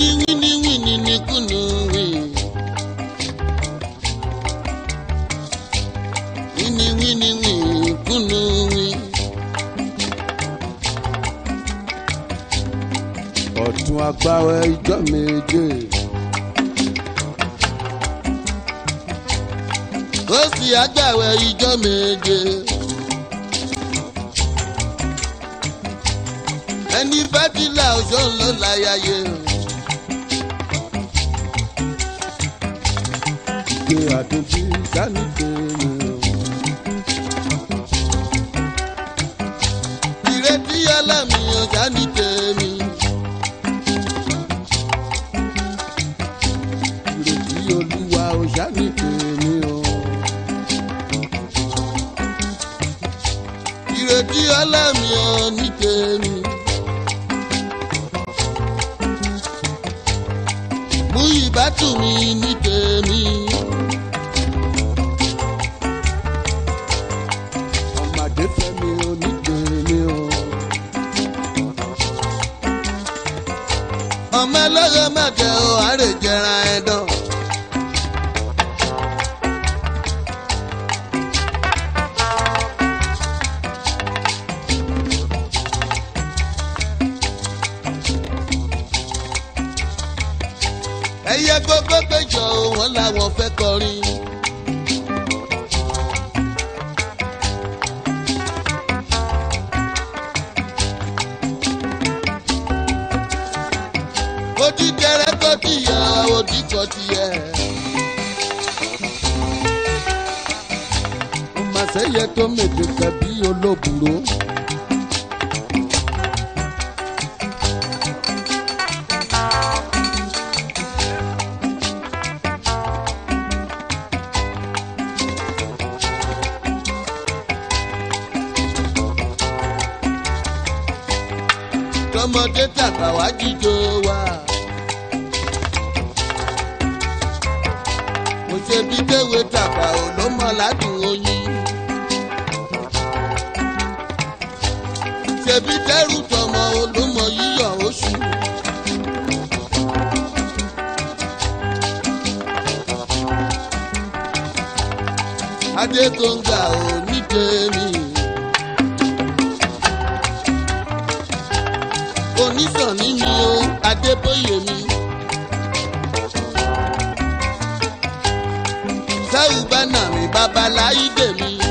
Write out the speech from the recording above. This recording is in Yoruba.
wíní wíní wíní ní kùnú wì. wíní wíní wíní kùnú wì. ọ̀tún agbáwẹ̀ ijọ́ méje. ó sì agbáwẹ̀ ijọ́ méje. àtúntí sálùkè mi o. ìrètí ẹlẹ́mìí ọ̀gá ní tèmi. ìrètí olúwa ọ̀gá ní tèmi o. ìrètí ẹlẹ́mìí ọ̀ ní tèmi. mú ìbátú mi ní tèmi. ọmọ ẹlẹ́yẹ mẹ́kẹ́ o àárè jẹra ẹ̀dán. ẹyẹ gbogbo péjọ òun làwọn fẹ́ kọrin. pé kíyà òdìtọ̀ tiẹ̀. Màsẹ́yẹ tó mètè tàbí olóbùrò. tọmọdé tàgbà wá jíjó wa. kò ṣe bí kéwé tàgbà ò ló mọ̀ ládùn oyin. ṣèbí tẹ́rù tọmọ olómọ yíyọ oṣù. adégbòǹgà ò ní tèmi. onísàn ní mi o adébóyè mi. lọ́nà mi babaláyé dèmi.